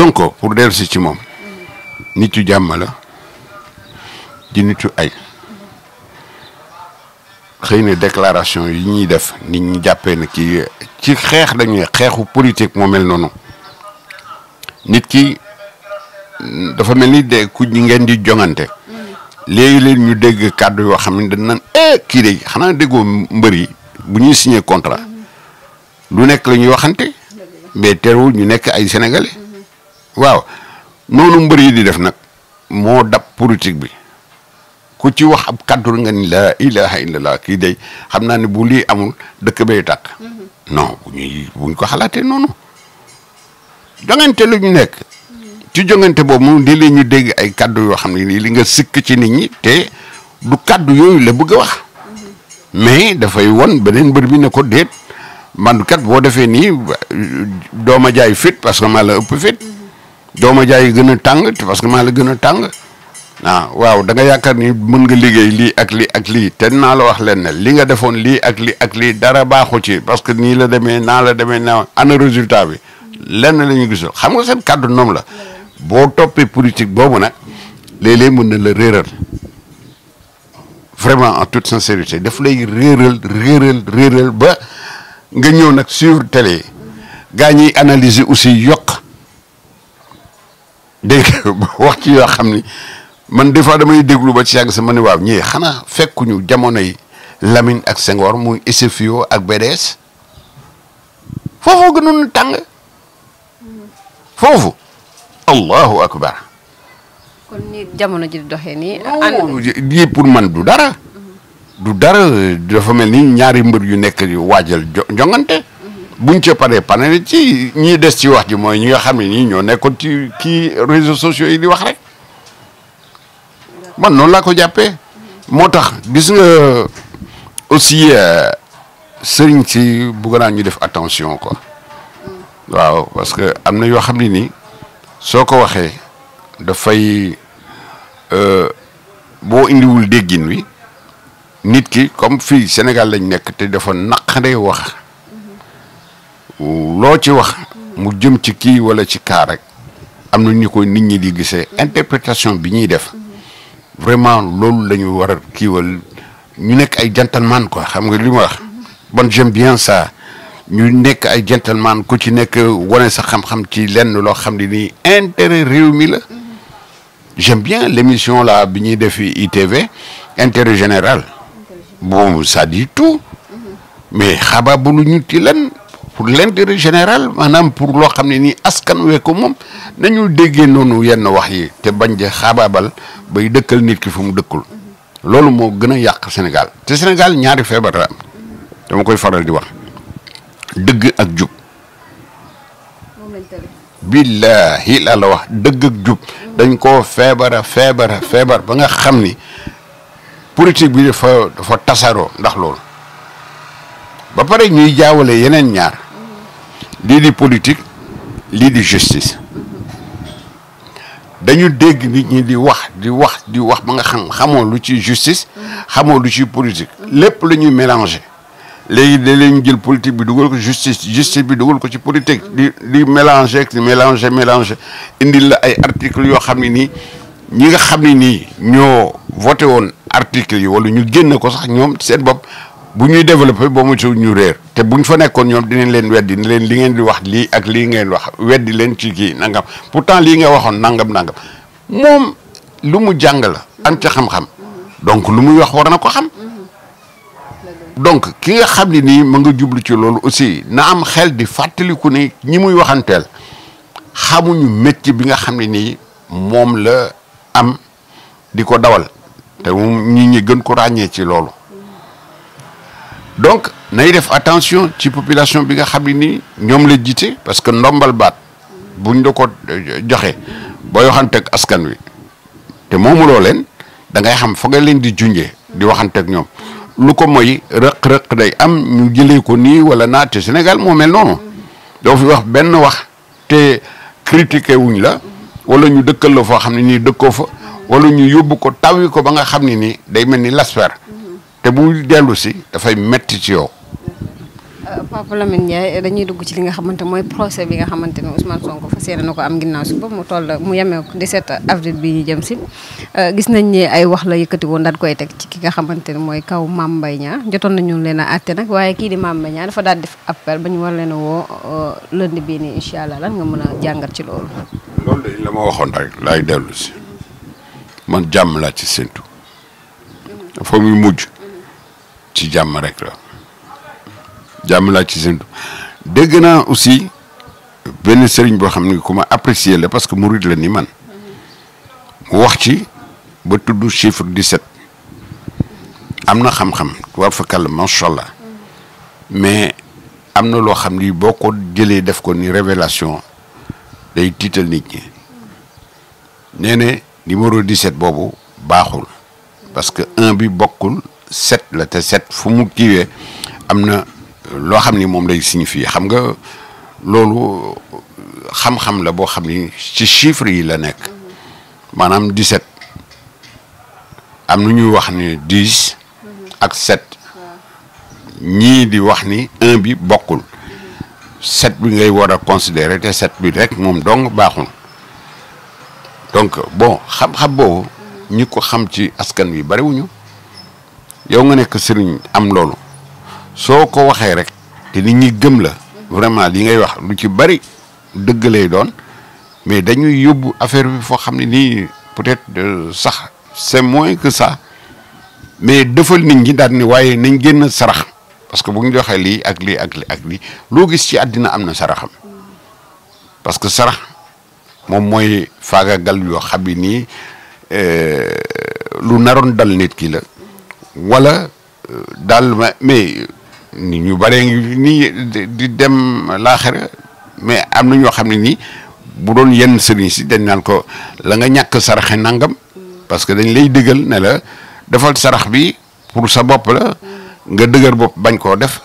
Sonko pour dellu si ci moom nit yu jàmmala la di nit yu ay xëy na déclaration yi ñuy def nit ñi jàppee na kii ci xeex dañuy xeexu politique moo mel noonu nit ki dafa mel ni de ku ngeen di joŋante léegi leen ñu dégg kàddu yoo xam ne dañ naan eh, kii de xanaa déggoo mbër yi bu ñuy signé contrat lu nekk la ñuy waxante mais teewul ñu nekk ay sénégalais. waaw noonu mbër yi di def nag moo dab politique bi ku ci wax ab kaddu nga ni laa ilaha illallah kii day xam naa ne bu lii amul dëkk bay tàkk mm-hmm. non bu ñuy buñ ko xalaatee noonu jongante lu ñu nekk ci jongante boobu moom di leen ñu dégg ay kaddu yoo xam ne nii li nga sikk ci nit ñi te du kaddu yooyu la bëgg wax mm-hmm. mais dafay won beneen mbër bi ne ko déet man kat boo defee nii dooma jaay fit parce que maa la fit mm-hmm. dooma jaay gën a tàng parce que maa la gën a tàng ah waaw da nga yaakaar ni mën nga liggéey lii ak lii ak lii ten naa la wax leen li nga defoon lii ak lii ak lii dara baaxu ci parce que nii la demee naa la demee naa ana résultat bi lenn la ñu gisul xam nga seen kàddu noom la boo toppee politique boobu nag léeg-léeg mun na la réeral vraiment en toute sincérité daf lay réeral réeral réeral ba nga ñëw nag suivre télé gaa ñiy analyser aussi yokk dégg wax ci yoo xam ni man des fois damay déglu ba ci yàgg sama ne waaw ñii xanaa fekkuñu jamono yi Lamine ak Senghor muy SFIO ak BDS foofu gënoon tàng foofu allahu akbar kon ni jamono ji doxee nii yii man du dara mhm. du dara dafa mel ni ñaari mbër yu nekk yu waajal jongante buñ ca paree panel ci ñi des ci wax ji mooy ñi nga xam ne nii ñoo nekkoon ci kii réseaux sociaux yi di wax rek man noonu laa ko jàppee moo tax gis nga aussi euh, sëriñ si bugga naa ñu def attention ko waaw parce que am na yoo xam ne nii soo ko waxee dafay euh, boo indiwul déggin wi nit ki comme fii Sénégal lañ nekk te dafa naqaree wax loo ci wax mu jëm ci kii wala ci kaa am na ñu ko nit ñi di gisee interprétation bi ñuy def vraiment loolu la ñu war a wal ñu nekk ay gentleman ko xam nga li ma bon j'aime bien ça ñu nekk ay gentleman ku ci nekk wane sa xam-xam ci lenn loo xam ne nii intérêt réew mi la j'aime bien l'émission la bi ñuy def ITV intérêt général bon ça dit tout mais xaba bu lu ñu ti lan pour l'intérêt général maanaam pour loo xam ne nii askan wee ko moom nañu déggee noonu yenn wax yi te bañ de xaabaabal bay dëkkal nit ki fu mu dëkkul loolu moo gën a yàq senegal te senegal ñaari feebar la am dama koy faral di wax dëgg ak jub billahi laa wax dëgg ak dañ koo feebara feebara feebar ba nga xam ni politique bi dafa dafa ndax loolu ba pare ñuy jaawale yeneen ñaar lii di politique lii di justice dañu dégg nit ñi di wax di wax di wax ba nga xam xamoo lu ci justice xamoo lu ci politique lépp la ñuy mélangé léegi da leen jël politique bi dugal ko justice justice bi dugal ko ci politique di di mélangé ak mélangé mélangé indil la ay articles yoo xam ne nii ñi nga xam ne nii ñoo voté woon articles yi wala ñu génn ko sax ñoom seen bopp bu ñuy développé boo mu siw ñu reer te buñ fa nekkoon ñoom dinañ leen weddi ni leen li di wax li ak lii ngeen wax weddi leen ci kii nangam pourtant lii nga waxoon nangam nangam moom lu mu jàng la am ca xam-xam donc lu muy wax war ko xam donc ki nga xam ni nii ma nga jublu ci loolu aussi na am xel di fàttaliku ni ñi muy waxanteel xamuñu métier bi nga xam ne nii moom la am di ko dawal te ñi ñi gën ko ràññee ci loolu donc nay def attention ci population bi nga xam ne nii ñoom la jiite parce que ndombal baat buñ la ko euh, joxe booy waxanteeg askan wi te moomuloo leen da ngay xam fa nga leen di junjee di waxanteeg ñoom lu ko mooy rëq-rëq day am ñu jëlee ko nii wala naate Sénégal moo mel noonu doo fi wax benn wax te critiqué wuñ la wala ñu dëkkaloo la foo xam ne nii dëkkoo fa wala ñu yóbbu ko tawi ko ba nga xam ni nii day mel ni lasper te bu dellu si dafay metti ci yow. Euh, Papa Lamine Ndiaye dañuy dugg ci li nga xamante mooy procès bi nga xamante ne Ousmane Sonko fas yéene na ko am ginnaaw suba mu toll mu yemee 17 avril bi ñu jëm si euh, gis nañ ne ay wax la yëkkati woon daal koy teg ci ki nga xamante ne mooy kaw Mame Mbaye Niang jotoon nañu leen a àtte nag waaye kii di Mame Mbaye Niang dafa daal def appel ba ñu war leen a woo euh, lundi bii nii incha allah lan nga mën a jàngat ci loolu. loolu de la ma waxoon rek laay dellu man jàmm laa ci séntu. fa muy mujj. ci jàmm rek la jàmm laa ci seen dégg naa aussi benn sëriñ boo xam ne ku ma apprécier la parce que murid la ni man mu wax ci ba tudd chiffre 17 am na xam-xam war fa kàll allah mais am na loo xam ni boo ko jëlee def ko ni révélation day tiital nit ñi nee ne numéro set boobu baaxul parce que un bi bokkul set la te set fu mu kiiwee am na loo xam ni moom lay signifier xam nga loolu xam la boo xam ni ci chiffre yi la nekk maanaam 17 am na ñuy wax ni 10 ak set ñii di wax ni 1 bi bokkul 7 bi ngay war a considérer te 7 bi rek moom dong baaxul donc bon xam-xam boobu ñi ko xam ci askan wi bariwuñu yow nga nekk sëriñ am loolu soo ko waxee rek te nit ñi gëm la vraiment li ngay wax lu ci bari dëgg lay doon mais dañuy yóbbu affaire bi foo xam ne nii peut-être euh, sax c'est que ça mais defal nit ñi daal ni waaye nañ génn sarax parce que bu joxee lii ak lii ak lii ak lii loo gis ci àddina am na saraxam parce que sarax moom mooy faagagal yoo xam ni nii euh, lu naroon dal nit kii la wala daal ma mais nit ñu bare nii di dem laaxira mais am na ñoo xam ne nii bu doon yenn sëriñ si dañ naan ko la nga ñàkk saraxe nangam parce que dañ lay dëggal ne la defal sarax bi pour sa bopp la nga dëgër bopp bañ koo def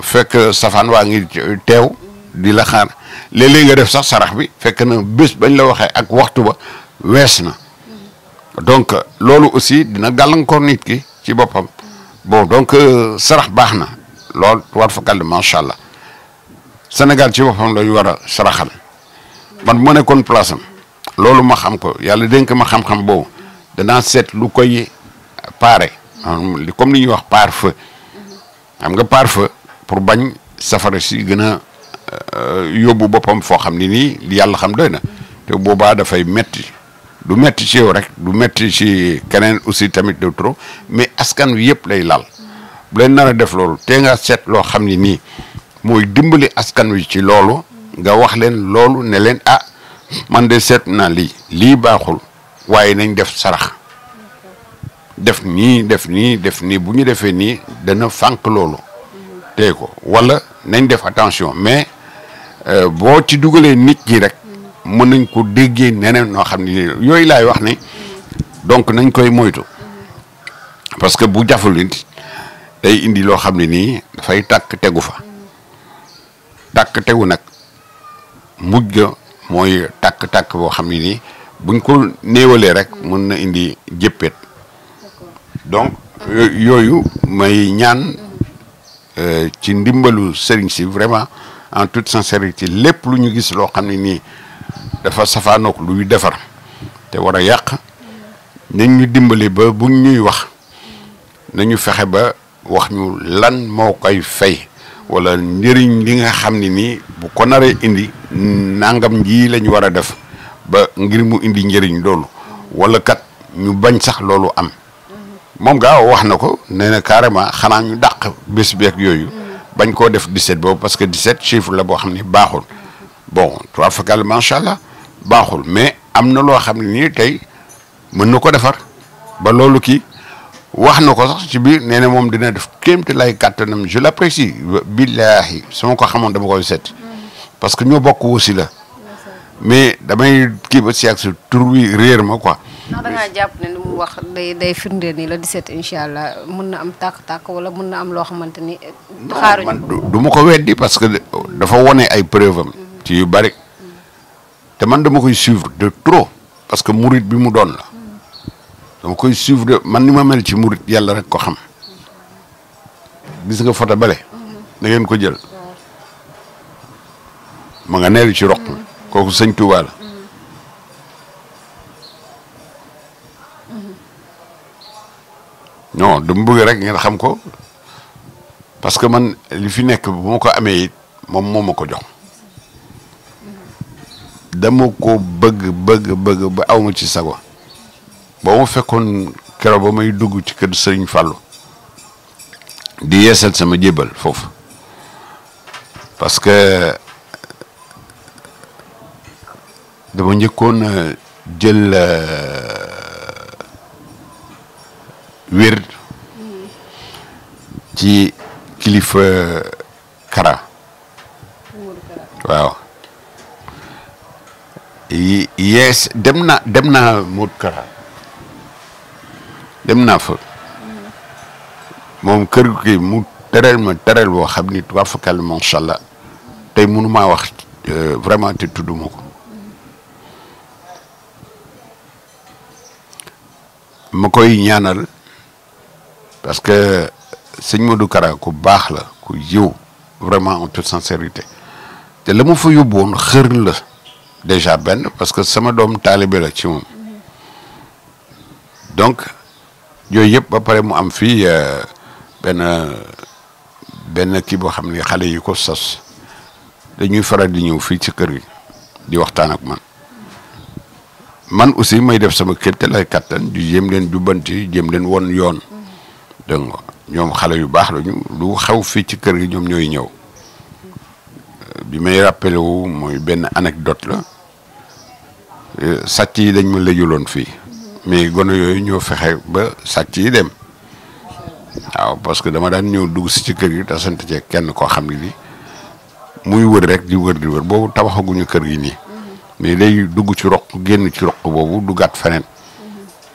fekk safaan waa ngi teew di la xaar léeg-léeg nga def sax sarax bi fekk na bés bañ la waxee ak waxtu ba wees na donc loolu aussi dina gàllankoor nit ki ci boppam bon donc euh, sarax baax na lool war fa kàll macha allah Sénégal ci boppam lañu war saraxal man bu nekkoon place am loolu ma xam ko yàlla dénk ma xam-xam boobu danaa seet lu koy paare comme li ñuy wax pare-feu xam nga pare-feu pour bañ safara si gën a euh, yóbbu boppam foo xam ni nii yàlla xam doy na te boobaa dafay metti du metti ci yow rek du metti ci keneen aussi tamit de trop mais askan wi yëpp lay laal bu leen nar a def loolu tee nga seet loo xam ni nii mooy dimbali askan wi ci loolu nga wax leen loolu ne leen ah man de seet naa lii lii baaxul waaye nañ def sarax def nii def nii def nii bu ñu defee nii dana fànq loolu tey ko walla nañ def attention mais euh, boo ci dugalee nit ñi rek mën nañ ko déggee neneen noo xam ne yooyu laay wax ni donc nañ koy moytu parce que bu jaful it day indi loo xam ne nii dafay tàkk tegu fa tàkk tegu nag mujj mooy takk takk boo xam ne nii buñ ko néewalee rek mën na indi jëppet donc yooyu may ñaan euh, ci ndimbalu sëriñ si vraiment en toute sincérité lépp lu ñu gis loo xam ne nii dafa safaanook luy defar te war a yàq nañ ñu dimbale ba buñ ñuy wax nañu fexe ba wax ñu lan moo koy fay wala njëriñ li nga xam ni nii bu ko naree indi nangam ji lañ war a def ba ngir mu indi njëriñ loolu wala kat ñu bañ sax loolu am moom gaa wax na ko nee na carrément xanaa ñu dàq bés beeg yooyu bañ koo def 17 boobu parce que 17 chiffre la boo xam ne baaxul bon trois fois macha allah baaxul mais am na loo xam ne nii tey mën na ko defar ba loolu kii wax na ko sax ci biir nee na moom dina def kéemte lay kàttanam je l'apprécie billaahi su ma ko xamoon dama koy set parce que ñoo bokk aussi la mais damay kii ba si ak sa tur wi réer ma quoi. ndax jàpp ne lu mu wax day day firndee nii la di set incha allah mën na am tàkk-tàkk wala mën na am loo xamante ni. man du ma ko weddi parce que dafa wone ay preuve am. Mm-hmm. ci yu bari. te man dama koy suivre de trop parce que murit bi mu doon la dama koy suivre de man ni ma mel ci murit yàlla rek ko xam gis nga foto bale mhm. na ko jël ma nga neelu ci roq mhm. kooku sëñ Tuubaa la mhm. non dama bëgg rek ngeen xam ko parce que man li fi nekk bu ma ko amee it moom moo ma ko jox dama ko bëgg bëgg bëgg ba awma ci sago ba ma fekkoon keroog ba may dugg ci kër sëriñ Fallou di yeesal sama jébal foofu parce que dama njëkkoon jël euh, wér ci kilifa Kara waaw yees dem na dem naa Modou Kara dem naa fa moom kër gi mu tëral ma tëral boo xam ni waa Fakal macha allah tey mënu maa wax euh, vraiment te tudd ma ko ma koy ñaanal parce que sëñ Modou Kara ku baax la ku yiw vraiment en toute sincérité te la ma fa yóbbu woon xër la. déjà benn parce que sama doom taalibe la ci moom donc yooyu yëpp ba pare mu am fii euh, benn benn kii boo xam ni xale yi ko sos dañuy faral di ñëw fii ci kër gi di waxtaan ak man man aussi may def sama képp lay kattan di jéem leen jubbanti jéem leen won yoon dégg ñoom xale yu baax lañu lu xew fii ci kër gi ñoom ñooy ñëw euh, bi may rappelé wu mooy benn anecdote la. Euh, sàcc yi dañ ma lëjuloon fii mais gone yooyu ñëw fexe ba sàcc yi dem waaw parce que dama daan ñëw dugg si ci kër gi te sant cee kenn koo xam ne bi muy wër rek di wër di wër boobu tabaxaguñu kër gi nii mais day dugg ci roq génn ci roq boobu duggaat feneen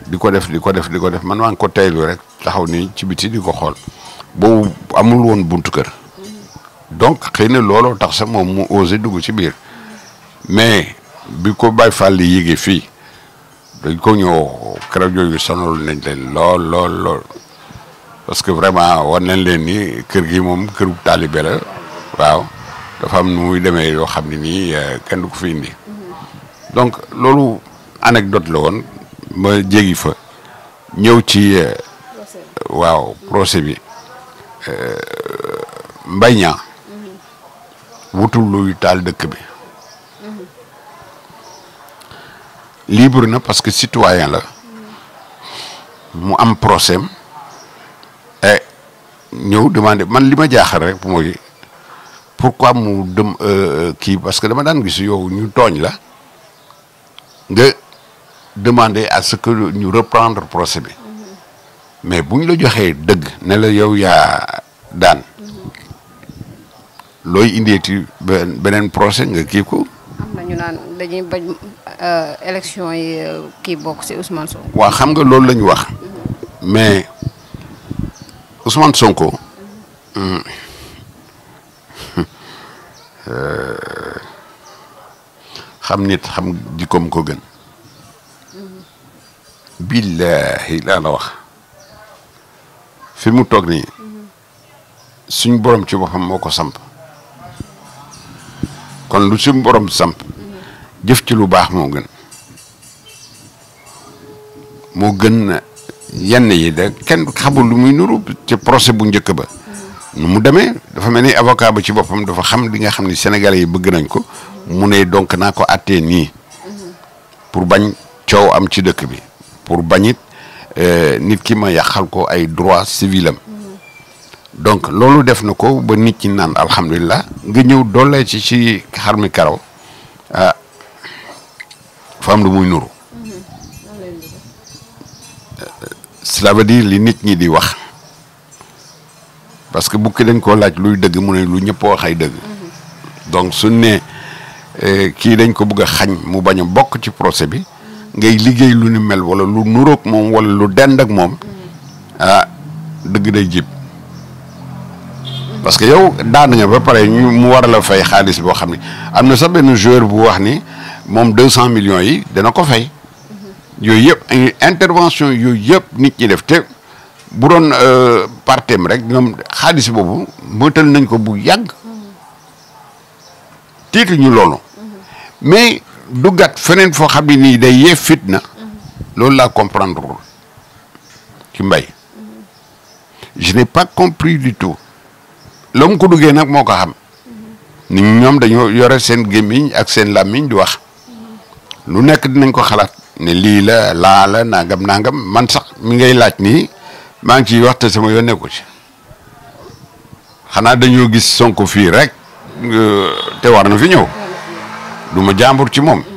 di ko def di ko def di ko def man maa ngi ko teylu rek taxaw nii ci biti di ko xool boobu amul woon buntu kër donc xëy na looloo tax sa moom mu osé dugg ci biir mais bi ko Baye Fall yi yéegee fii dañ ko ñëw keroog yooyu sonal nañ leen lool lool lool parce que vraiment war nañ leen ni kër gi moom këru taalibe la waaw dafa am nu muy demee yoo xam ne nii eh, kenn du ko fi indi donc loolu anecdote la woon ma jéggi fa ñëw ci eh, waaw procès bi eh, mbay ñaa wutul luy taal dëkk bi libre na parce que citoyen la mu am procès e ñëw demandé man li ma jaaxal rek mooy pourquoi mu dem euh, kii parce que dama daan gis yow ñu tooñ la nga demander à ce que ñu reprendre procès bi mais bu ñu la joxee dëgg ne la yow yaa daan looy indeeti beneen procès nga kii ko. Euh, élection yi euh, kii bokk ci Ousmane xam nga loolu la wax mais Ousmane Sonko euh, xam nit xam jikkoom ko gën. billahi laa la wax fi mu toog nii suñ borom ci boppam moo ko samp kon lu suñ borom samp. jëf ci lu baax moo gën moo gën na yenn yi da kenn xamul lu muy nuru ci procès bu njëkk ba nu mu demee dafa mel ni avocat ba ci boppam dafa xam li nga xam ni sénégalais yi bëgg nañ ko mu ne donc naa ko àttee nii pour bañ coow am ci dëkk bi pour bañit euh, nit ki ma yàqal ko ay droit civil am donc loolu def na ko ba nit ñi naan alhamdulilah nga ñëw doole ci ci xar mi karaw ah, dafa am muy nuru cela veut dire li nit ñi di wax parce que bukki dañ koo laaj luy dëgg mu ne lu ñëpp wax ay dëgg donc suñ ne eh, kii dañ ko bëgg a xañ mu bañ bokk ci procès bi ngay liggéey lu ni mel wala lu nuroog moom wala lu dend ak moom ah dëgg day jib parce que yow daan nga ba pare ñu mu war a la fay xaalis boo xam ne am na sax benn joueur bu wax ni moom cent millions yi dana ko fay. yooyu yëpp intervention yooyu yëpp nit ñi def te buroon doon euh, partem rek ñoom xaalis boobu mëtal nañ ko bu yàgg. tiitu ñu loolu. mais duggaat feneen foo xam ne nii day yee fitna. loolu laa comprendre ci mbay. je n'ai pas compris du tout. la mu ko duggee nag moo ko xam. ni ñoom dañoo yore seen gémmiñ ak seen làmmiñ du wax. lu nekk dinañ ko xalaat ne lii la laa la nangam nangam man sax mi ngay laaj nii maa ngi ciy wax te sama yoon nekku ci xanaa dañoo gis Sonko fii rek euh, te war na fi ñëw du ma jàmbur ci moom